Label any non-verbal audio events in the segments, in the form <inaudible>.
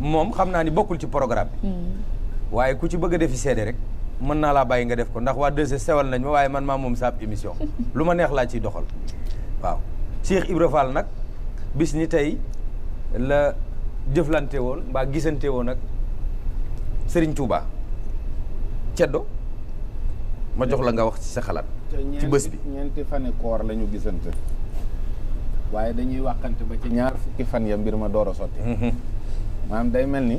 moom xam naa ni bokkul ci programme bi. Hmm. waaye ku ci bëgg a defi seede rek mën naa laa bàyyi nga def ko ndax waa 2 sewal nañ ma waaye man maa moom saab émission <laughs> lu ma neex laa ciy doxal waaw. Cheikh Ibra Fall nag bis ni tey la jëflante woon mbaa gisante woon ak Serigne Touba ceddo ma jox la nga wax ci sa xalaat. ci bés bi ñeenti fani koor la ñu gisante. waaye dañuy waxante ba ci ñaar fukki fan ya mbir ma door a sotti. Mhm. maanaam day mel ni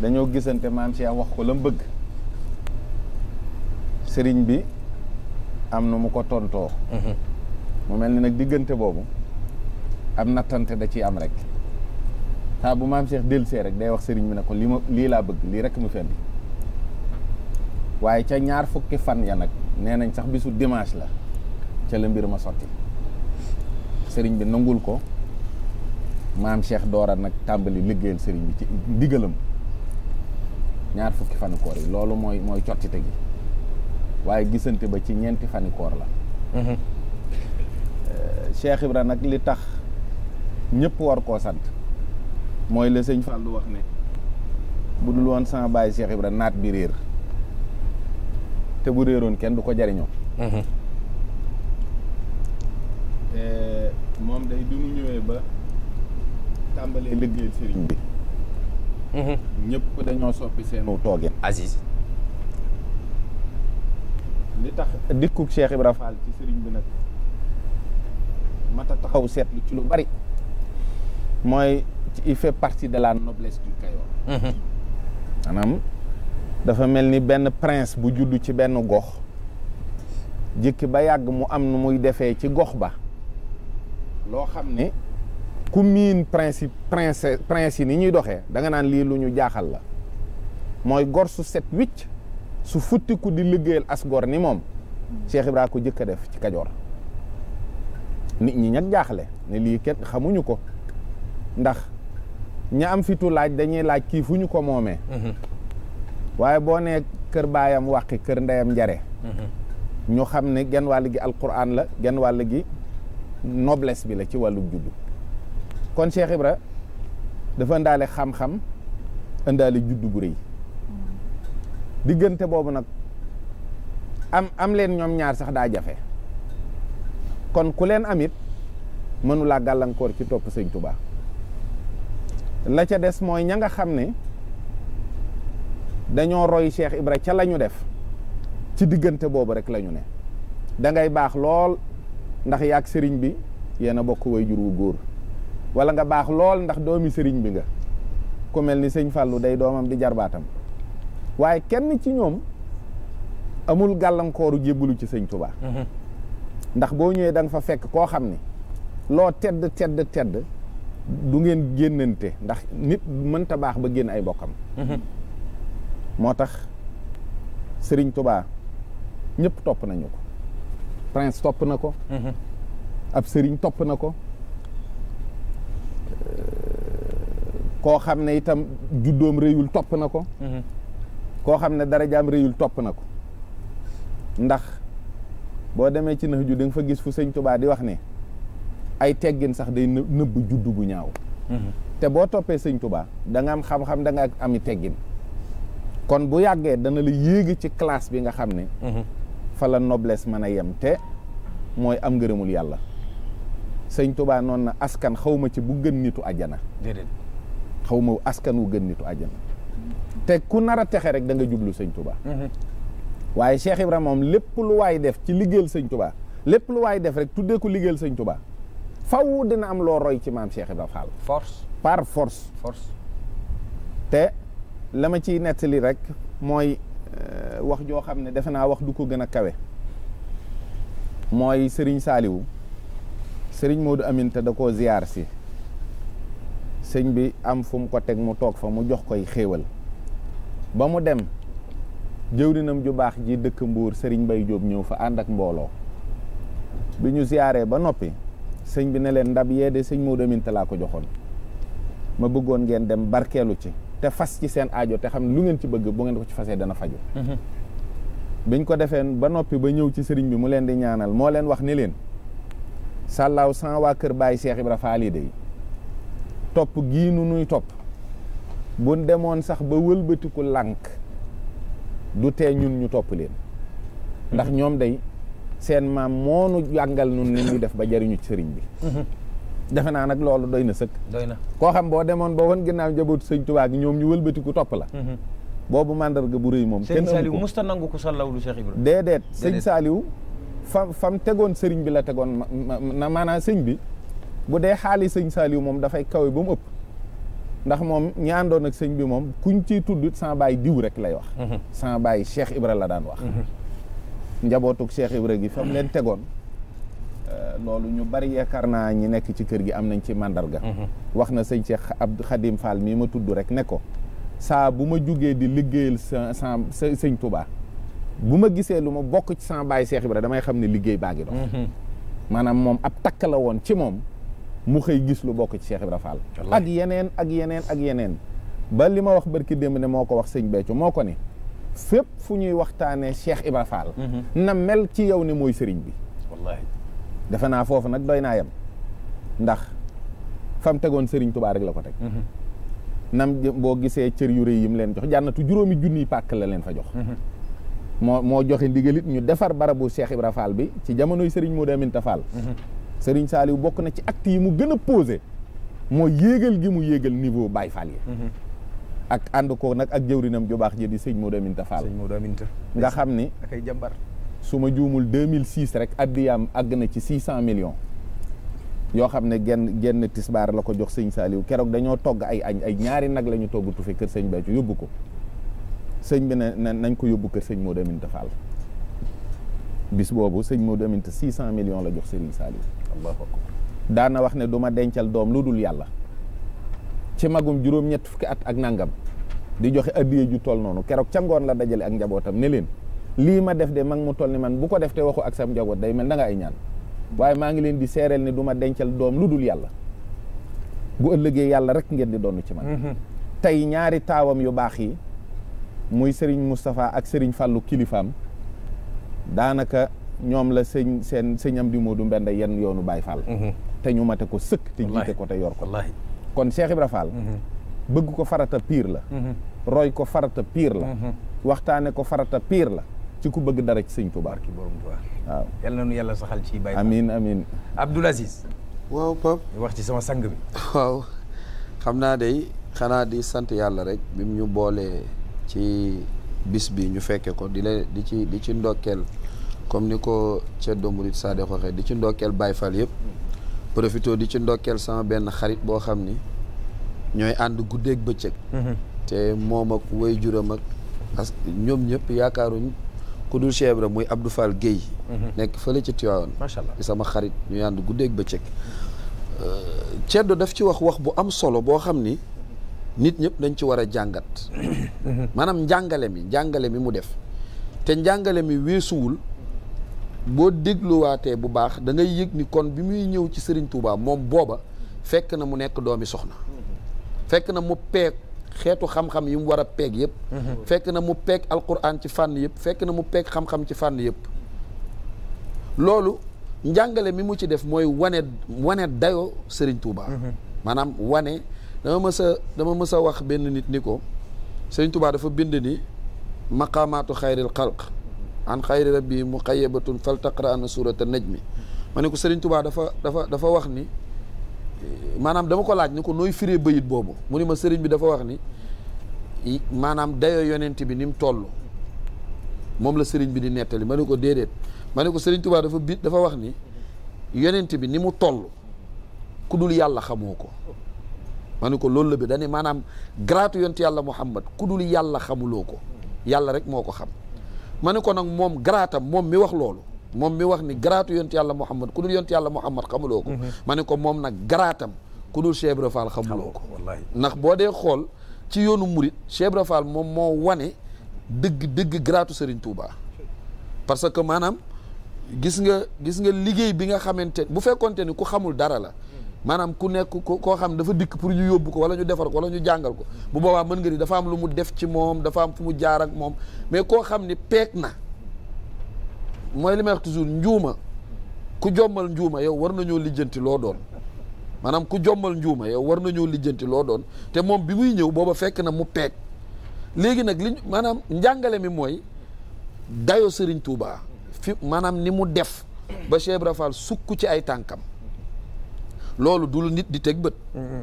dañoo gisante maam Cheikh wax ko la mu bëgg sëriñ bi am na mu ko tontoo mhm. mu mel ni nag diggante boobu am nattante da ciy am rek saa bu maam Cheikh delsee rek day wax sëriñ bi ne ko li ma lii laa bëgg lii rek mu fendi waaye ca ñaar fukki fan ya nag nee nañ sax bisu dimanche la ca la mbir ma sotti sëriñ bi nangul ko maam Cheikh Doora nag tàmbali liggéeyal sëriñ bi ci ndigalam ñaar fukki fani yi loolu mooy mooy cottite gi waaye gisante ba ci ñeenti fani la mhm. eh, Cheikh Ibra nag li tax ñëpp war koo sant mooy la sëñ Fallou wax ne bu dul woon sama bàyyi Cheikh naat bi réer te bu réeroon kenn du ko jariñoo mhm. eh, moom day bi ñëwee ba tàmbalee liggéey sëriñ bi mhm. ñëpp tax dikkug Cheikh Ibra ci sëriñ bi nag taxaw seetlu ci lu bari mooy il fait partie de la noblesse du Kayor mhm. maanaam dafa mel ni benn prince bu judd ci benn gox jëkki ba yàgg mu am nu muy defee ci gox ba loo xam ne ku miin principe prince prince yi ni ñuy doxee da nga naan lii lu ñu jaaxal la mooy gor su set wicc su futtiku di liggéeyal as gor ni moom Cheikh Ibra ko jëkk a def ci Kajoor nit ñi ñag jaaxle ne lii kenn xamuñu ko ndax ña am fitu laaj dañuy laaj kii fu ñu ko moome mm-hmm. waaye boo ne kër baayam wàqi kër ndeyam njare mm-hmm. ñu xam ne genn wàll gi alquran la genn wàll gi nobles bi la ci wàllu juddu kon Cheikh Ibra dafa ndaale xam-xam indaale juddu bu rëy diggante boobu nag am am leen ñoom ñaar sax daa jafe kon ku leen amit mënulaa gàllankoor ci topp sëñ Tuubaa la ca des mooy ña nga xam ni dañoo roy Cheikh Ibra ca la ñu def ci diggante boobu rek lañu ne da ngay baax lool ndax yaag sëriñ bi yéen bokk way jur wu góor wala nga baax lool ndax doomi sëriñ bi nga ku mel ni sëñ Fallou day doomam di jarbaatam waaye kenn ci ñoom amul gàllankooru jébbalu ci sëñ Touba. Mhm. ndax boo ñëwee danga fa fekk koo xam ni loo tedd tedd tedd du ngeen génnante ndax nit mënta baax ba génn ay bokkam mhm. moo tax sëriñ tubaa ñëpp topp nañu ko prince topp na ko mhm. ab sëriñ topp na ko koo xam ne itam juddoom réyul topp na ko mhm. koo xam ne darajaam réyul topp na ko ndax boo demee ci nax ju da fa gis fu sëñ Tubaa di wax ne ay teggin sax day nëbb judd bu ñaaw mhm. te boo toppee sëñ Tubaa danga am xam-xam da nga ami teggin kon bu yàggee dana la yéegi ci classe bi nga xam ne mhm. fa la noblesse mën a yem te mooy am ngërëmul yàlla sëñ Tubaa noonu na askan xawma ci bu gën nitu ajana xaw ma askan wu gën nitu àjjana te ku nar a texe rek danga jublu sañ Touba. Mhm. waaye Cheikh moom lépp lu waay def ci liggéeyal sëñ Touba lépp lu waay def rek tuddee ko liggéeyal sëñ Touba faw dina am loo roy ci maam Cheikh Ibrahima force par force. force te la ciy nettali rek mooy euh, wax joo xam ne defe naa wax du ko gën a kawe mooy sëriñ Serigne Saliou Serigne Modou Aminta da koo ziyaar si. sëñ bi am fu mu ko teg mu toog fa mu jox koy xéewal ba mu dem jëwrinam ju baax ji dëkk mbuur sëriñ Bay Jóob ñëw fa ànd ak mbooloo bi ñu siyaaree ba noppi sëñ bi ne leen ndab yee de sëñ Maodo Aminta laa ko joxoon ma bëggoon ngeen dem barkeelu ci te fas ci seen aajo te xam lu ngeen ci bëgg bu ngeen ko ci fasee dana faju mhm. biñ ko defee ba noppi ba ñëw ci sëriñ bi mu leen di ñaanal moo leen wax ni leen sàllaaw san waa kër Baay Seex Ibra Faal yi topp gii nu nuy topp buñ demoon sax ba wëlbatiku lank du tee ñun ñu topp leen ndax mhm. ñoom day seen maam moonu jàngal nun ni ñuy def ba jariñu ci sëriñ bi mhm. defe naa nag loolu doy na sëkk doy na koo xam boo demoon ba wan ginnaaw njabootu sëñ Tuubaa gi ñoom ñu wëlbatiku topp la mhm. boobu màndarga bu rëy moom kenn sëñ Saaliw musta nangu ko sallaw lu Cheikh Ibrahima déedéet sëñ Saaliw fa fam tegoon sëriñ bi la tegoon na maanaam sëñ bi bu dee xaali sëñ Saliou moom dafay kawe ba mu ëpp ndax moom ñi àndoon ak sëñ bi moom kuñ ciy tuddit sans bàyyi diw rek lay wax mhm. sans bàyyi Cheikh Ibra la daan wax mhm. njabootug Cheikh Ibra gi fam leen mhm. tegoon euh, loolu ñu bari yaakaar naa ñi nekk ci kër gi am nañ ci màndarga wax na sëñ Cheikh ab Khadim Fall mii ma tudd rek ne ko saa bu ma jugee di liggéeyal sa sa sëñ Touba bu ma gisee lu ma bokk ci baay bàyyi Cheikh Ibra damay xam ne liggéey baa ngi dox maanaam moom ab takk la woon ci moom mu xëy gis lu bokk ci Cheikh Ibra Fall ak yeneen ak yeneen ak yeneen ba li ma wax barki démb ne moo ko wax sëñ Béthio moo ko ne fépp fu ñuy waxtaanee Cheikh Ibra Fall mhm. na mel ci yow ne mooy sëriñ bi wallaahi naa foofu nag doy naa yem ndax fam tegoon sëriñ Tuubaa rek la ko teg mhm. nam boo gisee cër yu rëy yi leen jox jànnatu juróomi junniy pàkk la leen fa jox mhm. moo moo joxe ndigalit ñu defar barabu seex Ibra Fall bi ci jamonoy sëriñ Modou Aminta Fall Serigne Saliou bokk na ci acte yi mu gën a posé mooy yéegal gi mu yéegal niveau Baye Fall yi mhm. ak ànd ko nag ak jëwrinam ju baax ji di sëñ Modou Aminta Fall nga xam ni akay jàmbar su ma juumul 2006 rek addiyaam àgg na ci 600 millions yoo xam ne genn genn tisbaar la ko jox sëñ Saliou keroog dañoo togg ay añ ay ñaari nag la ñu togg tufe kër sëñ Béthio yóbbu ko sëñ bi ne nañ ko yóbbu kër sëñ Modou Aminta Fall bis boobu sëñ Modou Aminta 600 millions la jox Serigne Saliou daana wax ne du ma dencal doom lu dul yàlla ci magum juróom-ñett fukki at ak nangam di joxe addiye ju tool noonu keroog ca ngoon la dajale ak njabootam ne leen lii ma def de mag mu toll ni man bu ko def te waxu ak sam njaboot day mel na nga ñaan waaye maa ngi leen di seereel ne du ma dencal doom lu dul yàlla bu ëllëgee yàlla rek ngeen di doon ci man mhm. tey ñaari taawam yu baax yi muy sëriñ Moustapha ak sëriñ Fallou kilifaam daanaka ñoom la sëñ seen sëñ Amdi Moodu Mbenda yenn yoonu Baay Faal mhm. te ñu mate ko sëkk te jiite ko te yor ko kon Cheikh Ibra mhm. bëgg ko farata piir la mhm. roy ko farata piir la waxtaane ko farata piir la ci ku bëgg dara ci sëñ Tuubaa waaw yal na nu yàlla saxal ci Baay Faal amiin amiin Abdoul Aziz waaw Pape wax ci sama sang bi waaw xam naa day xanaa di sant yàlla rek bim ñu boolee ci bis bi ñu fekke ko di leen ci di ci ndokkeel comme ni ko Ceddo Murid Saade waxee di ci ndokkeel Baye Fall yëpp profito di ci ndokkeel sama benn xarit boo xam ni ñooy ànd guddeeg bëccëg mhm. te moom ak way juram ak parce que ñoom ñëpp yaakaaruñ ku dul Cheikh Ibra muy Abdou Fall Guèye mhm. nekk fële ci Tivaouane macha allah sama xarit ñuy ànd guddeeg bëccëg euh, Ceddo daf ci wax wax bu am solo boo xam ni nit ñëpp dañ ci war a jàngat mhm. maanaam njàngale mi njàngale mi mu def te njàngale mi weesuwul boo dégluwaatee bu baax dangay yëg ni kon bi muy ñëw ci sëriñ tuubaa moom booba fekk na mu nekk doomi soxna fekk na mu peeg xeetu xam-xam yi mu war a peeg yëpp fekk na mu peeg alquran ci fànn yëpp fekk na mu peeg xam-xam ci fànn yëpp loolu njàngale mi mu ci def mooy wane wane dayoo Serigne Touba maanaam wane dama mës a dama mës a wax benn nit ni ko Serigne Touba dafa bind ni maqamaatu xayril xalq an xayri rabbi muqayyabatun fal taqra an surata najmi ma ne ko sëriñ Touba dafa dafa dafa wax ni maanaam dama ko laaj ni ko nooy firee bayit boobu mu ni ma Serigne bi dafa wax ni maanaam dayoo yonent bi ni mu toll moom la sëriñ bi di nettali ma ne ko déedéet ma ne ko Serigne Touba dafa bi dafa wax ni yonent bi ni mu toll ku dul yàlla xamoo ko ma ne ko loolu la bi dañu maanaam garaatu yonent yàlla Muhammad ku dul yàlla xamuloo ko yàlla rek moo ko xam ma ne ko nag moom garaatam moom mi wax loolu moom mi wax ni garaatu yont yàlla muhammad ku dul yonti yàlla muhammad xamuloo ko mhm. ma ne ko moom nag garaatam ku dul Cheikh Ibra Fall xamuloo ko ndax boo dee xool ci yoonu murit Cheikh Ibra moom moo wane dëgg dëgg garaatu Serigne Touba parce que maanaam gis nga gis nga liggéey bi nga xamante bu fekkonte ni ku xamul dara la maanaam ku nekk koo xam ne dafa dikk pour ñu yóbbu ko wala ñu defar ko wala ñu jàngal ko bu boobaa mën nga ni dafa am lu mu def ci moom dafa am fu mu jaar moom mais koo xam ni peek na mooy toujours njuuma ku jommal njuuma yow war nañoo lijjanti loo doon maanaam ku jommal njuuma yow war nañoo lijjanti loo doon te moom bi muy ñëw booba fekk na mu peek léegi nag li maanaam njàngale mi mooy dayo Serigne Touba fi maanaam ni mu def ba Cheikh Ibra Fall sukk ci ay tànkam loolu du lu nit di teg bët. Mm-hmm.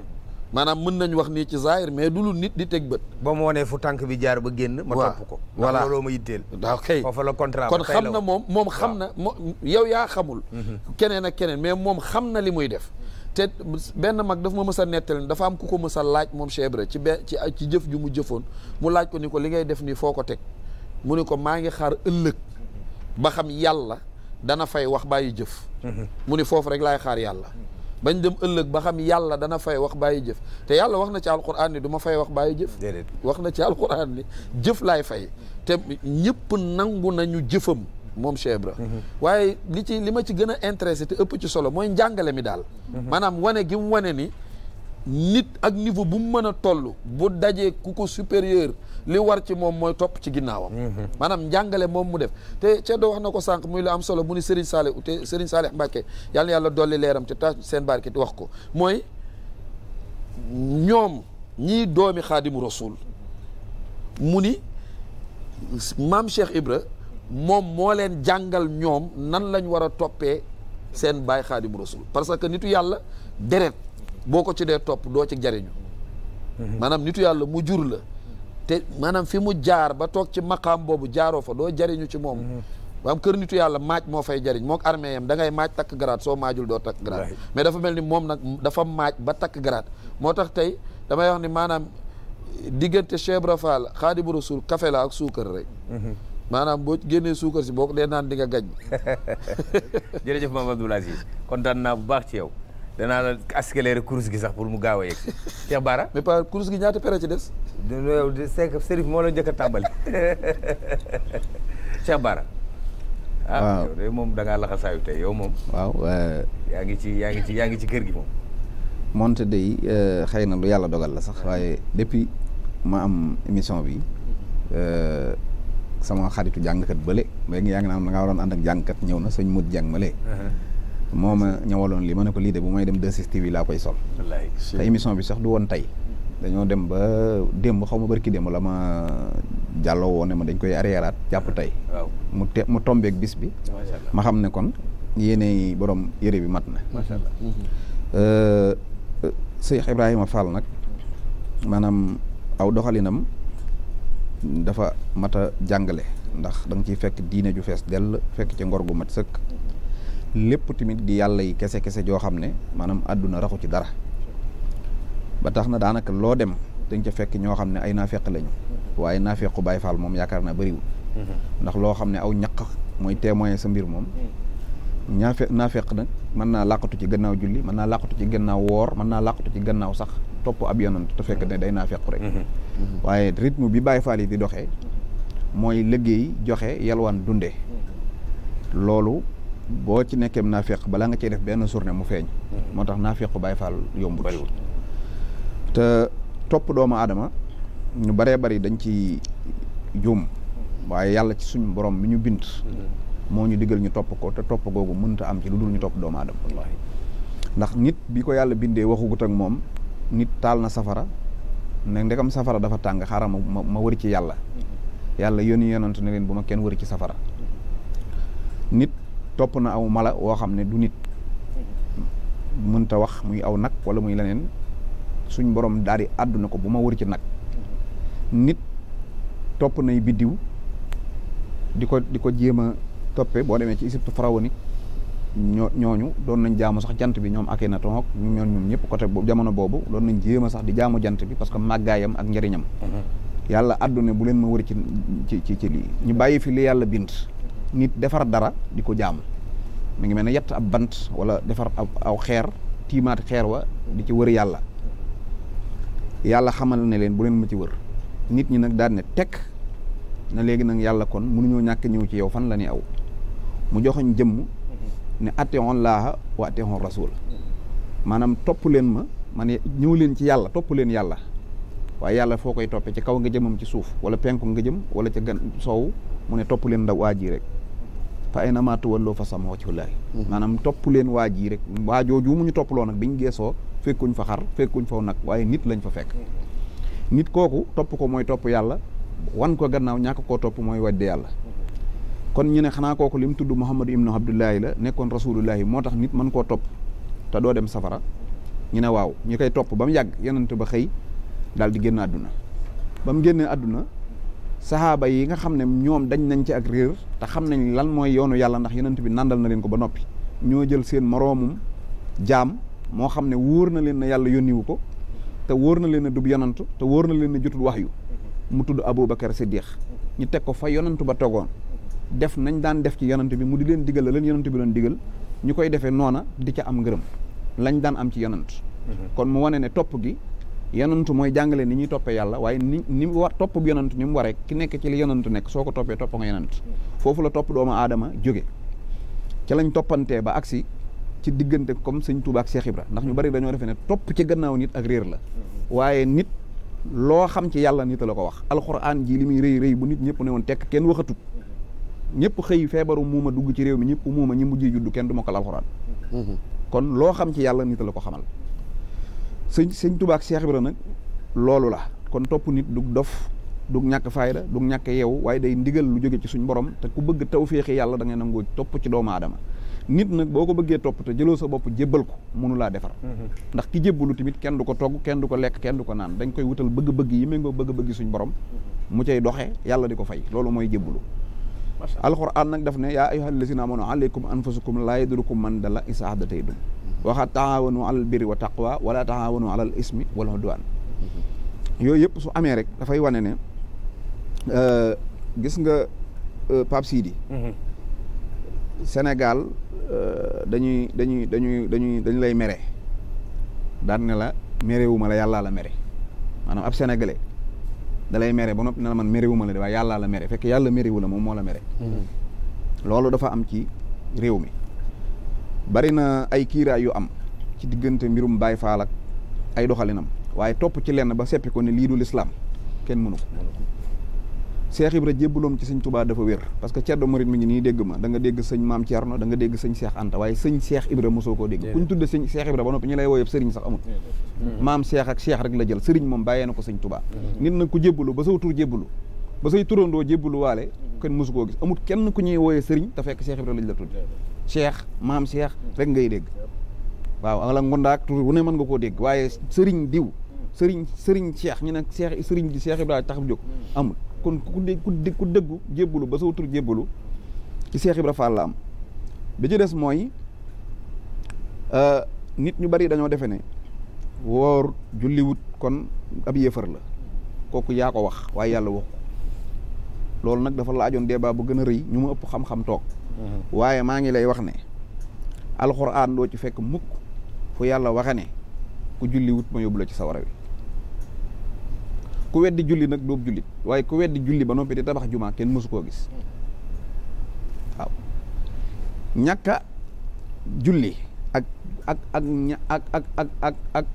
maanaam mën nañ wax nii ci zaahir mais du lu nit di teg bët. ba mu wanee fu tànk bi jaar ba génn. ma topp ko voilà looloo ma yitteel. waaw kay foofa la contrat kon xam na moom moom xam na moom yow yaa xamul. Mm-hmm. keneen ak keneen mais moom xam na li muy def. te benn mag daf ma mës a nettali dafa am ku ko mës laaj moom chebre ci be ci ci jëf ju mu jëfoon mu laaj ko ni ko li ngay def nii foo ko teg mu ni ko maa ngi xaar ëllëg ba xam yàlla dana fay wax bàyyi jëf mm-hmm. mu ni foofu rek laay xaar yàlla bañ dem ëllëg ba xam yàlla dana fay wax bàyyi jëf te yàlla wax na ci alquran ni du ma fay wax bàyyi jëf wax na ci alquran ni jëf laay fay te ñëpp nangu nañu jëfam moom Cheikh Ibra mhm. waaye li ci li ma ci gën a intéressé ëpp ci solo mooy njàngale mi daal mhm. maanaam wane gi mu wane ni nit ak niveau bu mu mën a toll bu dajee ku ko supérieur li war ci moom mooy topp ci ginnaawam mhm. maanaam njàngale moom mu def te Ceddo wax na ko sànq muy lu am solo mu ni Serigne Saleh te Serigne Saleh yàlla yàlla dolli leeram te tax seen barke te wax ko mooy ñoom ñii doomi xaadimu rasul mu ni maam Cheikh Ibra moom moo leen jàngal ñoom nan lañ war a toppee seen baay xaadimu rasul parce que nitu yàlla deret boo ko ci dee topp doo ci jariñu mhm. maanaam nitu yàlla mu jur la te maanaam fi mu jaar ba toog ci maqaam boobu jaaroo fa doo jariñu ci moom maanaam mhm. kër nitu yàlla maaj moo fay jariñ mook armée yam da ngay maaj takk grade soo maajul doo takk grade mais dafa mel ni moom nag dafa maaj ba takk grade moo tax tey damay wax ni maanaam diggante Cheikh Ibra Fall Xaadimu Rasuul kafe la ak suukar rek mhm. maanaam boo génnee suukar si boo ko dee naan di nga gañ <laughs> jërëjëf Mame Abdoul kon kontaan naa bu baax ci yow danaa la accélérer course gi sax pour mu gaaw a yegg Cheikh Bara. mais pas course gi ñaata pere ci des. du Seck Serif moo la njëkk a tàmbali <laughs> Cheikh Bara. Ah, waaw ah yow moom da ngaa laxasaayu tey yow moom. waaw. Euh, yaa ngi ci yaa ngi ci yaa ngi ci kër gi moom. monte day euh, xëy na lu yàlla dogal la sax waaye depuis ma am émission bi euh, sama xaritu jàngkat bële léegi yaa ngi naan da ngaa waroon ànd ak jàngkat ñëw na sëñ Modou Dieng ma moo ma ñëwaloon li ma ne ko lii de bu may dem 2STV laa koy sol. te émission bi sax du woon tey. dañoo dem ba démb xaw ma barki démb la ma jàlloo woon ne ma dañ koy arriéraat jàpp tey. mu te mu tombeek bis bi. ma xam ne kon yéenay borom yére bi mat na. macha allah. Mm-hmm. Euh, euh, Cheikh Ibrahima Fall nag maanaam aw doxalinam dafa mat a jàngale ndax da nga ciy fekk diine ju fees dell fekk ci ngor gu mat sëkk. lépp tamit di yàlla yi kese kese joo xam ne maanaam àdduna raxu ci dara ba tax na daanaka loo dem dañ ca fekk ñoo xam ne ay naafeq lañu waaye naafequ Baay Faal moom yaakaar naa bëriwul mhm. ndax loo xam ne aw ñaq mooy témoin sa mbir moom mhm. ñaafe naafeq nag mën naa làqatu ci gannaaw julli mën naa làqatu ci gannaaw woor mën naa làqatu ci gannaaw sax topp ab yonant te fekk ne day naafeq rek mhm. waaye rythme bi Baay Faal yi di doxe mooy liggéey joxe yalwaan dunde loolu boo ci nekkee naafeq balaa nga cee def benn journée mu feeñ. Mm. moo tax naafeq Baay Faal yombut. te topp doomu aadama ñu baree bari dañ ci juum waaye yàlla ci suñu borom mi ñu bind. Mm-hmm. moo ñu digal ñu topp ko te topp googu mënta am ci lu dul ñu topp doomu aadama. ndax nit bi ko yàlla bindee waxu waxugut ak moom nit taal na safara ne ndegam safara dafa tàng xaaral ma ma wër ci yàlla. Mm-hmm. yàlla yónni yonant ne leen bu ma kenn wër ci safara. nit topp na aw mala woo xam ne du nit mënta wax muy aw nag wala muy leneen suñ boroom daal di àdduna ko bu ma wër ci nag nit topp nay biddiw di ko di ko jéem a toppe boo demee ci Égypte pharaonique ñoo ñooñu doon nañ jaamu sax jant bi ñoom ak na ñu ñoon ñoom ñëpp côté boobu jamono boobu doon nañ jéem a sax di jaamu jant bi parce que màggaayam ak njëriñam mm-hmm. yàlla àdduna bu leen ma wër ci ci ci lii ñu bàyyi fi li yàlla bind nit defar dara di ko jaamu mi ngi mel ne yett ab bant wala defar ab aw xeer tiimaati xeer wa di ci wër yàlla yàlla xamal ne leen bu leen ma ci wër nit ñi nag daal ne tekk na léegi nag yàlla kon mënuñoo ñàkk ñëw ci yow fan la ñuy aw mu joxoñ jëmm ne atteon laaha wa atteon rasul maanaam topp leen ma man ñëw leen ci yàlla topp leen yàlla waaye yàlla foo koy toppee ci kaw nga jëmam ci suuf wala penku nga jëm wala ca gan soow mu ne topp leen ndaw waa ji rek fa ay namaatu walloo fa sama waccu laay maanaam topp leen waa ji rek waajooju mu ñu toppaloo nag bi ñu geesoo fekkuñ fa xar fekkuñ fa nag waaye nit lañ fa fekk nit kooku topp ko mooy topp yàlla wan ko gannaaw ñàkk koo topp mooy weddi yàlla kon ñu ne xanaa kooku li mu tudd Muhammadu ibnu Abdullahi la nekkoon rasulullahi moo tax nit man koo topp te doo dem safara ñu ne waaw ñu koy topp ba mu yàgg yonent ba xëy daal di génn àdduna ba mu génnee àdduna saxaaba yi nga xam ne ñoom dañ nañ ci ak réer te xam nañ lan mooy yoonu yàlla ndax yonent bi nandal na leen ko ba noppi ñoo jël seen moroomum jaam moo xam ne wóor na leen ne yàlla yónniwu ko te wóor na leen dub du te wóor na leen ne jotul wax yu mu tudd Aboubacar Siddiq ñu teg ko fa yonantu ba togoon def nañ daan def ci yonant bi mu di leen digal la leen yonant bi doon digal ñu koy defee noona di ca am ngërëm lañ daan am ci yonant mhm. kon mu wane ne topp yonantu mooy jàngale ni ñuy toppee yàlla waaye ni ni war topp bu yonantu ni mu waree ki nekk ci li yonantu nekk soo ko toppee topp nga yonant foofu la topp doomu aadama jóge ca lañ toppantee ba agsi ci diggante comme sëñ Tuuba seexib ra ndax ñu bari dañoo defee ne topp ci gannaaw nit ak réer la waaye nit loo xam ci yàlla nit la ko wax alxuraan ji li muy rëy rëy bu nit ñëpp ne woon tekk kenn waxatut ñëpp xëy feebaru muuma dugg ci réew mi ñëpp muuma ñi mujjee juddu kenn du ma ko alxuraan mm-hmm. kon loo xam ci yàlla nit la ko xamal sëñ sëñ Tuubaa ak Cheikh Ibra nag loolu la kon topp nit du dof du ñàkk fayda du ñàkk yeewu waaye day ndigal lu jóge ci suñ borom te ku bëgg taw tawféexi yàlla da ngay nangoo topp ci doomu aadama nit nag boo ko bëggee topp te jëloo sa bopp jébbal ko mënu defar mhm. ndax ki jébbalu tamit kenn du ko togg kenn du ko lekk kenn du ko naan dañ koy wutal bëgg-bëgg yi méngoo bëgg-bëgg suñ borom mhm. mu cay doxee yàlla di ko fay loolu mooy jébbalu alxuraan nag daf ne yaa ayyuhal lazina amanu aleykum anfusakum laa yadurukum man dalla izaa hadaytum waxaat waxa taawanu alal birri wa taqwa wala taawanu alal ismi wala duwaan mhm. yooyu yëpp su amee rek dafay wane ne euh, gis nga euh, Pape Sidi mhm. Sénégal euh, dañuy dañuy dañuy dañuy dañu lay mere daan ne la merewu ma la yàllaa la mere maanaam ab sénégalais da lay mere ba noppi na man merewu ma de waaye yàllaa fekk yàlla merewu la moom la mere mhm. loolu dafa am ci réew mi bari na ay kiiraay yu am ci diggante mbirum Baay Faal ak ay doxalinam waaye topp ci lenn ba seppi ko ne lii du lislaam kenn mënu ko Seex Ibra jébbaloom ci sëñ Tubaa dafa wér parce que ceddo murit mi ngi nii dégg ma da nga dégg sëñ Maam Cerno da nga dégg sëñ Seex Anta waaye sëñ Seex Ibra mosoo koo dégg kuñ tudde sëñ Seex Ibra ba noppi ñu lay wooyeb sëriñ sax amul maam Seex ak Seex rek la jël sëriñ moom bàyyee na ko sëñ Tubaa nit nag ku jébbalu ba saw tur jébbalu ba say turandoo jébbalu waale kenn mosu koo gis amul kenn ku ñuy wooyee sëriñ te fekk Seex Ibra lañ la tudd cheikh maam cheikh rek ngay dégg waaw wala ngundaak toujours wu ne mën nga koo dégg waaye sëriñ diw sëriñ sëriñ cheikh ñu ne cheikh sëriñ di cheikh Ibrahima tax jóg amul kon ku dé ku dé ku jébbalu ba soo tur jébbalu ci cheikh Ibrahima Fall la am bi ci des mooy euh, nit ñu bari dañoo defe ne woor julliwut kon ab yéefar la kooku yaa ko wax waaye yàlla wax loolu nag dafa laajoon baa bu gën a rëy ñu ma ëpp xam-xam toog waaye maa ngi lay wax ne alxuraan doo ci fekk mukk fu yàlla waxe ne ku julli wut ma yóbbu la ci sawara wi ku weddi julli nag doob jullit waaye ku weddi julli ba noppi tabax jumaa mësu koo gis julli ak ak ak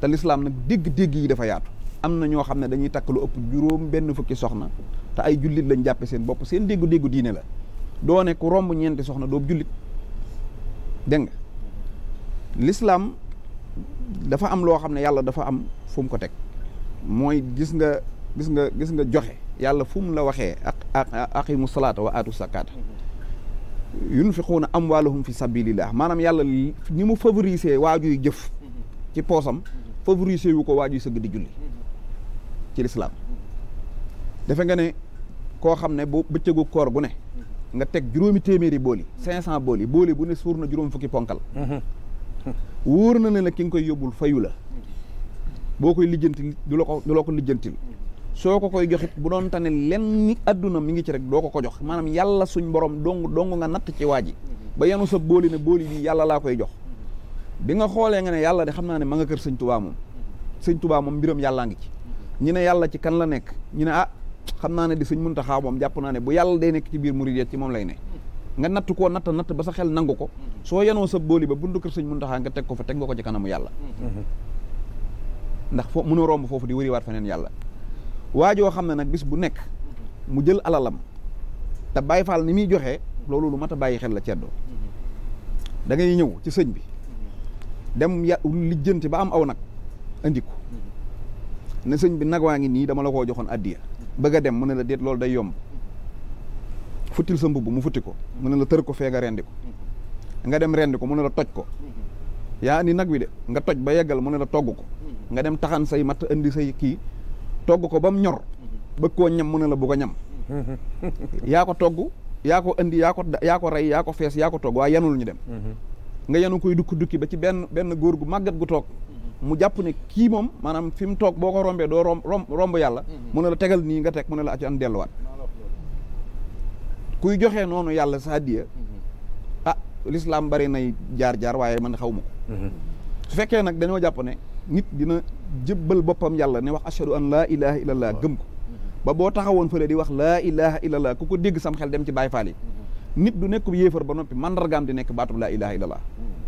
te lislaam nag dégg-dégg yi dafa yaatu am na ñoo xam ne dañuy takk lu ëpp juróom benn fukki soxna te ay jullit lañ jàppe seen bopp seen déggu-déggu diine la doo ne ku romb ñeenti soxna doob jullit dégg nga lislaam dafa am loo xam ne yàlla dafa am fu mu ko teg mooy gis nga gis nga gis nga joxe yàlla fu mu la waxee ak mu salaata wa aatu sakaata yunfiquuna amwaalahum fi sabilillah maanaam yàlla ni mu favoriser waajuy jëf ci poosam favoriser wu ko waajuy sëgg di julli ci lislaam defe nga ne koo xam ne bu bëccëgu koor gu ne nga teg juróomi téeméeri booli cinq cent booli booli bu ne suur na juróom fukki ponkal wóor na ne la ki nga koy yóbbul fayu la boo koy lijjantil du la ko du ko lijjantil soo ko koy joxit bu doon tane lenn ni adduna mi ngi ci rek doo ko ko jox maanaam yàlla suñ borom dong dong nga natt ci waa ji ba yenu sa booli ne booli bi yàlla laa koy jox bi nga xoolee nga ne yàlla de xam naa ne ma nga kër sëñ tubaa moom sëñ tubaa moom mbiram yàllaa ngi ci ñu yàlla ci kan la nekk xam naa ne di sëñ Muntaxa moom jàpp naa ne bu yàlla day nekk ci biir murid ci moom lay ne nga natt koo natt natt ba sa xel nangu ko mm-hmm. soo yanoo sa booli ba buntu kër sëñ xaa nga teg ko fa teg nga ko ci kanamu yàlla mm-hmm. ndax foo mënoo romb foofu di wëriwaat feneen yàlla waajoo xam ne nag bis bu nekk mu jël alalam te Baay Faal ni muy joxe loolu lu mat a bàyyi xel la ceddoo mm-hmm. dangay ñëw ci sëñ bi dem ya lijjanti ba am aw nag andi ko ne bi nag waa ngi nii dama la koo joxoon addiya bëgg dem mu ne la déet loolu day yomb futtil sa mbubb mu futti ko mu ne la tër ko fee nga rendi ko nga dem rendi ko mu ne la toj ko yaa andi nag wi de nga toj ba yeggal mu ne la togg ko nga dem taxan say matt andi say kii togg ko ba mu ñor bëgg koo ñam mu ne la bu ko ñam <laughs> yaa ko togg yaa ko andi yaa ko yaa ko rey yaa ko fees yaa ko togg waaye yanul ñu dem mhm. nga yanu koy dukki dukki ba ci benn benn góor gu màggat gu toog mu jàpp ne kii moom maanaam fi mu toog boo ko rombee doo romb romb yàlla mm-hmm. mu ne la tegal nii nga teg mu ne la acu an delluwaat kuy joxee noonu yàlla sa hadiya mm-hmm. ah lislaam bari nay jaar-jaar waaye man xaw ma ko mm-hmm. su fekkee nag dañoo jàpp ne nit dina jëbbal boppam yàlla ne wax ashadu an laa ilaha illallah gëm ko ba boo taxawoon fële di wax laa ilaha illallah ku ko dégg sam dem ci Baay Faal yi nit du nekk yéefar ba noppi mandargaam di nekk baatub laa ilaha illallah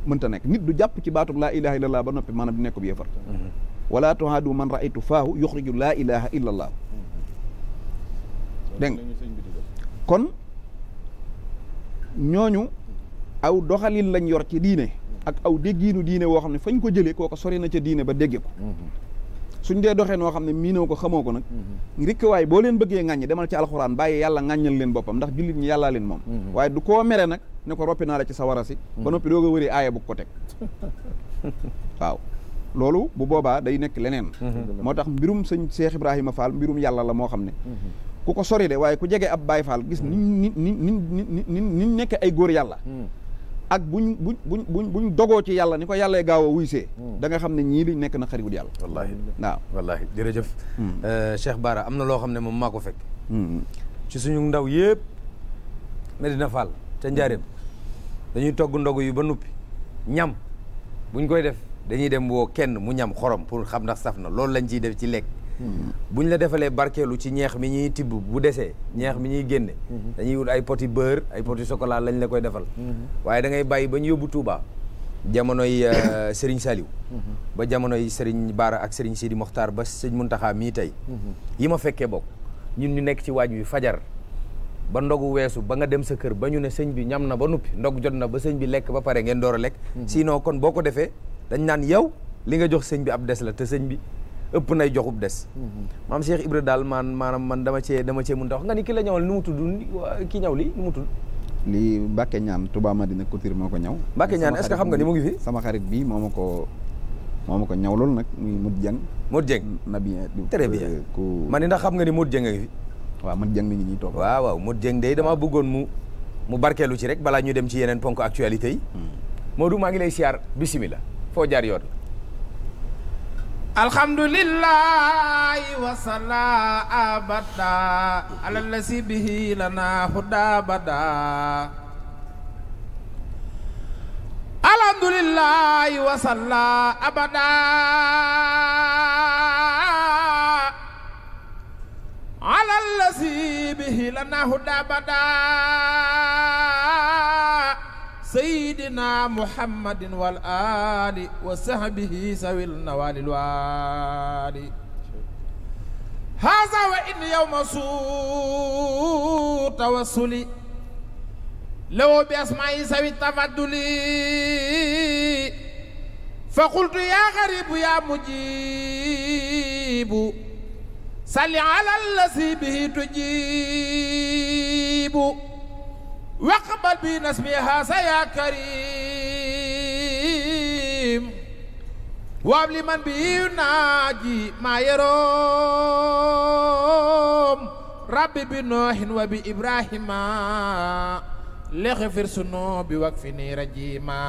mënta nekk nit du jàpp ci baatu laa ilaha illallah ba noppi maanaam di nekk bu yéefar mm-hmm. wala tuhaadu man raaytu faahu yuxriju laa ilaha illallah mm-hmm. dégg kon ñooñu aw doxalin lañ yor ci diine ak aw déggiinu diine woo xam ne fañ ko jëlee kooko sori na ca diine ba dégge ko mm-hmm. suñ dee doxee noo xam ne miinoo ko xamoo ko nag mm-hmm. rikkiwaay boo leen bëggee ŋàññi demal ci alxuraan bàyyi yàlla ŋàññal leen boppam ndax jullit ñi yàllaa moom mm-hmm. waaye du ko mere nag ne ko roppi naa la ci sawara si mm-hmm. ba noppi doog a wëri aaya bu ko teg <laughs> waaw loolu bu boobaa day nekk leneen moo tax mbirum sëñ Cheikh Ibrahima Fall mbirum yàlla la moo xam ne ku ko sori de waaye ku jege ab Baay Faal gis ni ni ni ni nekk ay góor yàlla mm. ak bu buñ bu buñ buñ buñ dogoo ci yàlla ni ko yàlla gaaw a see hmm. da nga xam ne ñii li nekk na xarit yàlla wallaahi waaw wallaahi jërëjëf hmm. euh, Cheikh Bara am na loo xam ne moom maa ko fekk hmm. ci suñu ndaw yëpp Medina Fall ca Njaareem dañuy togg ndogu yi ba nuppi ñam buñ koy def dañuy dem woo kenn mu ñam xorom pour xam ndax saf na loolu lañ ciy def ci lekk bu ñu la defalee barkeelu ci ñeex mi ñuy tibb bu desee ñeex mi ñuy génne mm-hmm. dañuy wut ay poti beurre ay poti chocolat lañ la koy defal mm-hmm. waaye da ngay bàyyi ba ñu yóbbu Touba jamonoy euh, sëriñ <coughs> Saliou mm-hmm. ba jamonoy Serigne Bara ak sëriñ Sidi Mokhtar ba sëñ Muntaxa mii tey yi ma fekkee bokk ñun ñu nekk ci waaj wi fajar ba ndogu weesu ba nga dem sa kër ba ñu ne sëñ bi ñam na ba nuppi ndog jot na ba sëñ bi lekk ba pare ngeen door a lekk sinon kon boo ko defee dañ naan yow li nga jox sëñ bi ab des la te sëñ bi ëpp nay joxub des maam Cheikh Ibra daal man maanaam man dama cee dama cee mën ta nga ni ki la ñëwal nu mu tudd ki ñëw li nu mu tudd lii Mbacke ñaan Touba Madina Couture moo ko ñaw Mbacke ñaan est-ce que xam nga ni mu ngi fi sama xarit bi moo ma ko moo ko ñaw loolu nag muy Modou Dieng Modou Dieng na bien très bien ku man ni ndax xam nga ni Modou Dieng a ngi waaw Modou Dieng mi ngi ñuy toog waaw waaw Modou Dieng damaa bëggoon mu mu barkeelu ci rek balaa ñu dem ci yeneen ponk actualité yi hmm. Modou maa ngi lay siyaar bisimila foo jaar yoon alhamdulillahi wasala abada alalasi bihi lana huda bada alhamdulillahi wasala abada alalasi bihi lana huda bada sayyidina muhammadin wal aali wa sahbihi sawil nawalil waali haasa wa in yawma suu tawassuli law bi asmaa'i sawi tafadduli fa qultu yaa garibu yaa mujibu salli ala allazi bihi tujibu waqbal bi nasbiha sa yaa karim waab li man bi naaji maa yeroom rabbi bi noohin wa bi ibrahima lexe fir sunu bi wak fi ni rajima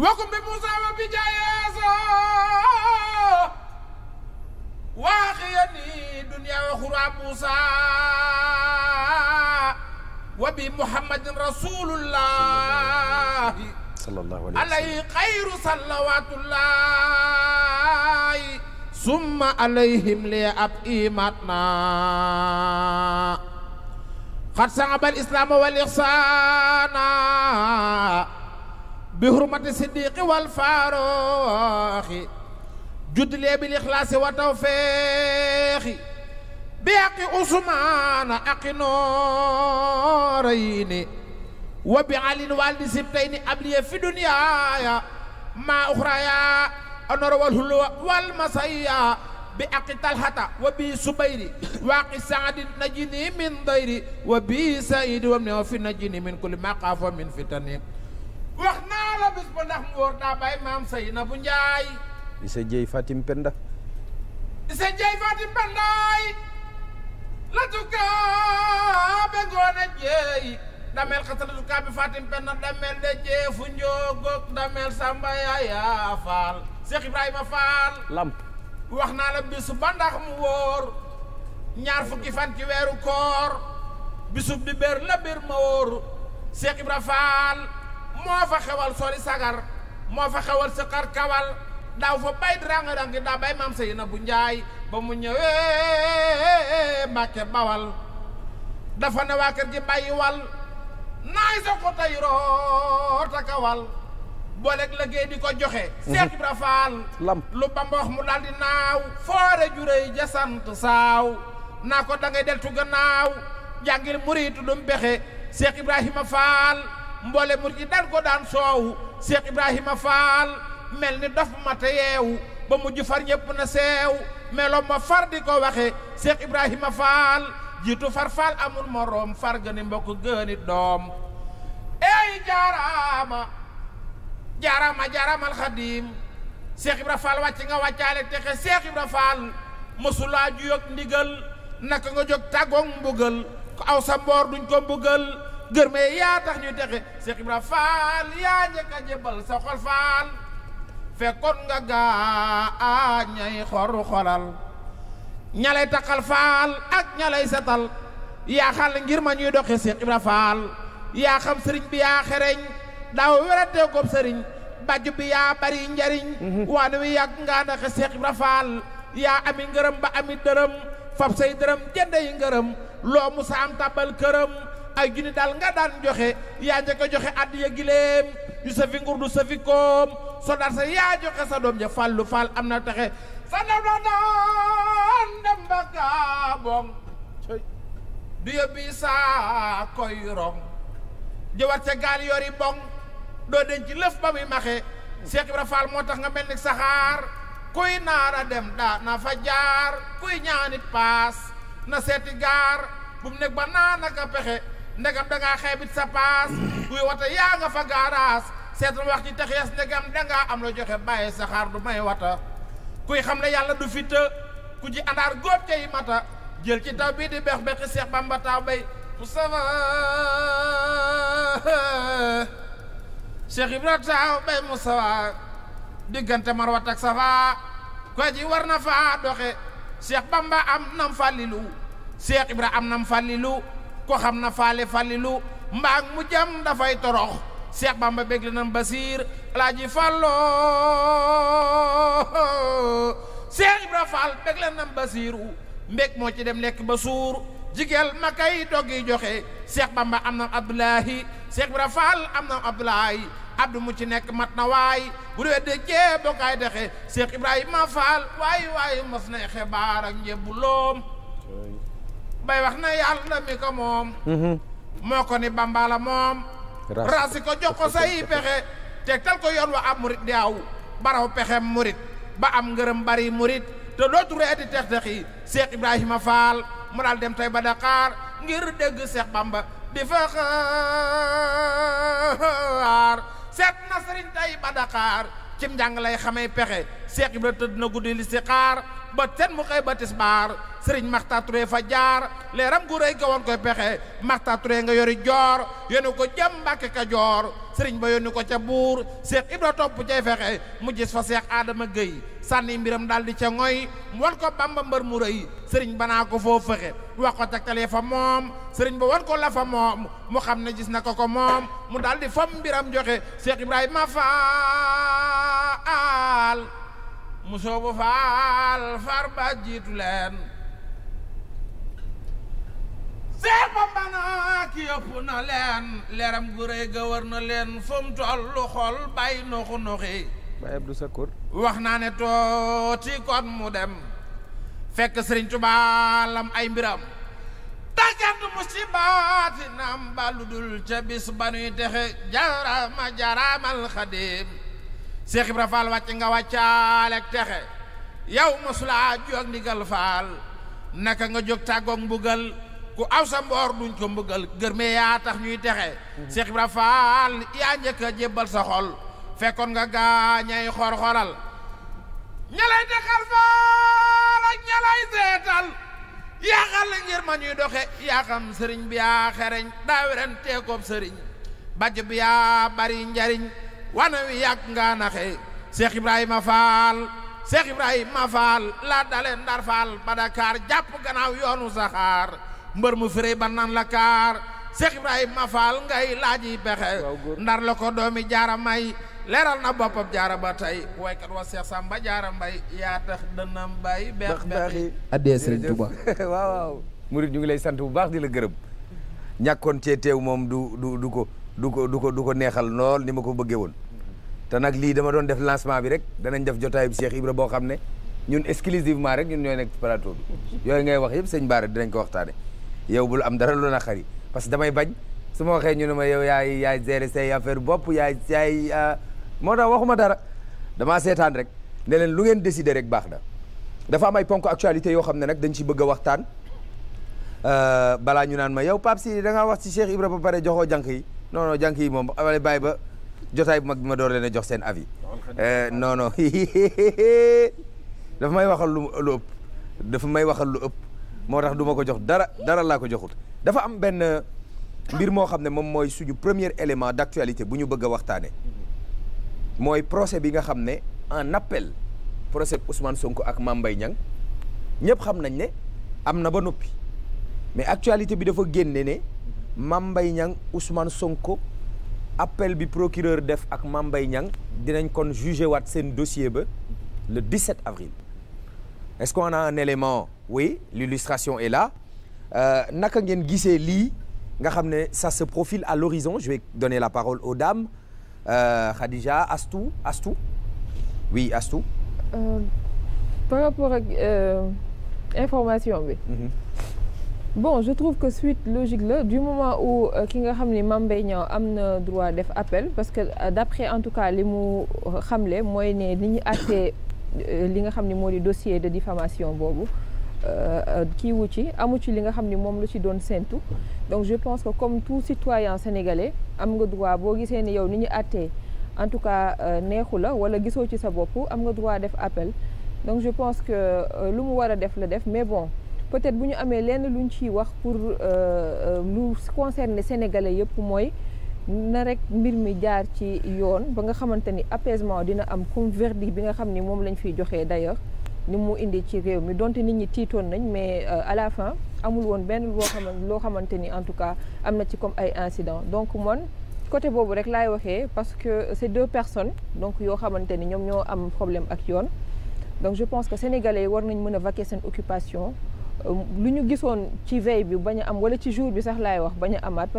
wakum bi muusa wa bi jaayeeso waaxiyani dunya wa xura Musa wa bi Muhammadin rasulullah sallallahu alayhi xayru salawatullahi summa alayhim li ab imatna xat sangabal islaama wal ixsaana bi hurmati siddiqi wal faaroxi juddilee bil ixlaasi wa tawfeexi bi aqi usmaana aqi noorayni wa bi alin waldi sibtayni abliya fi dunyaaya maa uxraaya anoro wal hulwa wal masaya bi aqi talhata wa bi subayri wa aqi saadin najini min dayri wa bi saidi wam ne wa fi najini min kulli maqaafa min fitani wax naa la bis ba ndax mu daa bàyyi maam say na bu njaay isa jeey fatim penda isa jeey fatim pendaay la tukkaa be ngoone dameel xasana tukkaa bi fatim dameel de jeey fu njoogog dameel samba yaaya faal Cheikh Ibrahima Faal lamp wax naa la bisu ba ndax mu wóor ñaar fukki fan ci weeru koor bisub di la biir ma wóor Cheikh Ibrahima Faal moo fa xewal sori sagar moo fa xewal sëqar kawal daaw fa bay drange dang daa bay maam sa yi na bu njaay ba mu ñëwee mbàkke bawal dafa ne waa kër gi bàyyi wal naay sa ko tey rootaka wal booleeg liggéey di ko joxe Seex mhm. Ibra Faal lu bambox mu daal di naaw foore juréy ja sant saaw naa ko da ngay deltu gannaaw jàngil muriitu dum bexe Seex Ibrahima Faal mboole murit yi daan ko daan soow Seex Ibrahima Faal mel ni dof te yeewu ba mujj far ñëpp na seew melo ma far di ko waxe Cheikh Ibrahima Fall jiitu far Fall amul moroom far gëni mbokk gëni doom eey jaaraama jaaraama jaaraamal xadiim Cheikh Ibra Fall wàcc nga wàccaale texe Cheikh Ibra Fall mësulaa juyog ndigal naka nga jóg tàggoog mbugal ko aw sa mboor duñ ko mbugal gërmee yaa tax ñuy texe Cheikh Ibra Fall yaa njëkk a sa xol Fall fekkoon nga gaa ñay xor xoral ñalay takkal faal ak ñalay setal yaa xal ngir ma ñuy doxi Seex Ibra Faal yaa xam sëriñ bi yaa xereñ daaw werantee kob sëriñ bàjj bi yaa bari njariñ mhm. waane wi yàgg ngaa doxi Seex Ibra Faal yaa ami ngërëm ba ami dërëm fab say dërëm jënde yi ngërëm loo musa am tàbbal këram ay junni daal nga daan joxe yaa njëkk a joxe addiya gileem yu safi ngur du safi koom sodaar sa yaa joxe sa doom ja fàllu faal am na taxe sa ndaw na doon dem ba gaaboom du yóbbi saa koy rong jëwat ca gaal yori bong doo denc lëf ba muy maxe Cheikh Ibra moo tax nga mel ni saxaar kuy naara dem na fa jaar kuy ñaanit paas na seeti gaar bu mu nekk ba naanaka pexe ndegam da ngaa xeebit sa paas buy wata yaa nga fa gaaraas seetal wax ci taxees ndegam da am la joxe bàyyi sa du may wata kuy xam ne yàlla du fitta ku ci andaar góob cay mata jël ci taw bii di bex bexi Seex Bamba taw bay mu sawa Seex Ibra taw bay mu sawa ji war na faa doxe Seex Bamba am nam fàllilu Seex Ibra am nam fàllilu ko xam na faali falilu mbaag mu jam dafay torox Seex Bamba ba li nam basiir alaaji fàlloo Seex Ibra Fall bég li basiiru mbég moo ci dem lekk ba suur jigéel ma kay doggi joxe Seex Bamba am na Abdoulahi Seex Ibra Fall am na Abdoulahi abdu mu ci nekk mat na waay bu dee dëccee bokkaay dexe Seex Ibrahima Fall waay waay mas na xebaar ak njëbbu loom bay wax na yàlla mi ko moom mhm. moo ko ni Bamba moom raasi ko jox ko say pexe tegtal ko yoon wa am murit di aw baraw pexem murit ba am ngërëm bari murit te dootu reeti tex texi Cheikh Ibrahima Fall mu daal dem tey ba Dakar ngir dégg Cheikh Bamba di fa xaar seet na sëriñ tey ba Dakar cim njàng lay xamee pexe Cheikh Ibrahima tëdd na guddi si xaar ba ten mu xëy ba tisbaar sëriñ Maxtaar fa jaar leeram gu rëy ga woon koy pexe Maxtaar nga yori joor yónni ko jëm Mbàkke Kajoor sëriñ ba yónni ko ca buur Cheikh Ibra topp cay fexe mu gis fa Cheikh Adama Gueye sànni mbiram daal di ca ngoy mu wan ko Bamba mbër mu rëy sëriñ ba ko foo fexe wax ko tegtalee fa moom sëriñ ba wan ko la fa moom mu xam ne gis na ko ko moom mu daal di fam mbiram joxe Cheikh Ibrahima Faal musoo bu faal far ba jiitu leen seer bamba na ki yëpp na leen leeram gu rëy ga na leen fu tollu xol bay noxu noxi wax naa ne tooti kon mu dem fekk sëriñ Tuubaa lam ay mbiram tàggat musibaati naam ba dul ca bis ba nuy texe jarama jaramal xadim Seex Ibra Faal wàcc nga wàccaale ak texe yow mosulaa jóg ndigal faal naka nga jóg tàggoog mbugal ku aw sa mboor duñ ko mbugal gërmee yaa tax ñuy texe Seex mhm. Ibra Faal yaa njëkk a jébbal sa xol fekkoon nga gaañay xor-xoral ña lay dexal faal ak ña seetal yaa xam la ngir ma ñuy doxe yaa xam sëriñ bi yaa xereñ daa weran sëriñ bàjj bi yaa bari njariñ wana wi yàgg nga naxe Cheikh Ibrahima Fall Cheikh Ibrahima Fall la dale Ndar Fall ba Dakar jàpp gannaaw yoonu saxaar mbër mu firé ba la kaar Cheikh Ibrahima Fall ngay laaji pexe Ndar la ko doomi jaara may leeral na boppam jaara ba tey waykat wa Cheikh Samba jaara mbay yaa tax dënam bay beex beexi addee Serigne Touba <laughs> waaw waaw murid ñu ngi lay sant bu baax di la gërëm ñàkkoon cee moom du du du ko du ko du ko neexal lool ni ma ko bëggee woon te nag lii dama doon def lancement bi rek danañ def jotaay bi Cheikh Ibra boo xam ne ñun exclusivement rek ñun ñooy nekk ci plateau yooyu ngay wax yëpp sëñ Bara dinañ ko waxtaane yow bul am dara lu na xari parce que damay bañ su ma waxee ñu ne ma yow yaay yaay gérer affaire bopp yaay yaay ah, moo tax waxuma dara damaa seetaan rek ne lu ngeen décider rek baax na dafa am ay ponk actualité yoo xam ne nag dañ ci bëgg a waxtaan euh, balaa ñu naan ma yow Pape Sidi da ngaa wax ci Cheikh Ibra ba pare joxoo jànk yi non non jànk yi moom wala bàyyi ba jotaay bu mag bi ma door leen a jox seen avis non euh, non <laughs> dafa may waxal lu lu ëpp dafa may waxal lu ëpp moo tax duma ko jox dara dara laa ko joxut dafa am benn mbir moo xam ne moom mooy suñu premier élément d'actualité bu ñu bëgg a waxtaane mooy procès bi nga xam ne en appel procès Ousmane Sonko ak mambay Mbaye Niang ñëpp xam nañ ne am na ba noppi mais actualité bi dafa génne ne Mame Mbaye Niang Ousmane Sonko appel bi procureur def ak Mame Mbaye Niang dinañ kon jugé waat seen dossier ba le 17 avril est-ce qu'on a un élément oui euh, naka ngeen gisee lii nga xam ne ça se profile à l'horizon je vais donner la euh, Astou Astou oui euh, bon je trouve que suite logique la du moment où euh, ki nga xam ni Mame Mbaye Niang am na droit def appel parce que euh, d'après en tout cas li mu euh, xamle mooy ne ni ñu àttee li nga xam ni moo di dossier de diffamation boobu kii wu ci amu ci li nga xam ni moom la ci doon séntu donc je pense que comme tout citoyen sénégalais am nga droit boo gisee ni yow ni ñu àttee en tout cas neexu la wala gisoo ci sa bopp am nga droit def appel donc je pense que lu mu war a def la def mais bon peut-être bu ñu amee lenn lu ñu ciy wax pour euh, euh, lu concerne sénégalais yëpp mooy na rek mbir mi jaar ci yoon ba nga xamante ni apaisement dina am comme verdict bi nga xam ni moom lañ fiy joxee d'ailleurs ni mu indi ci réew mi donte nit ñi tiitoon nañ mais euh, à la fin amul woon benn loo xamante loo xamante ni en tout cas am na ci comme ay incident donc man côté boobu rek laay waxee parce que c'est deux personnes donc yoo xamante ni ñoom ñoo am problème ak yoon donc je pense que sénégalais yi war nañ mën a vaquer seen occupation lu ñu gisoon ci veille bi bañ am wala ci jour bi sax laay wax bañ a amaat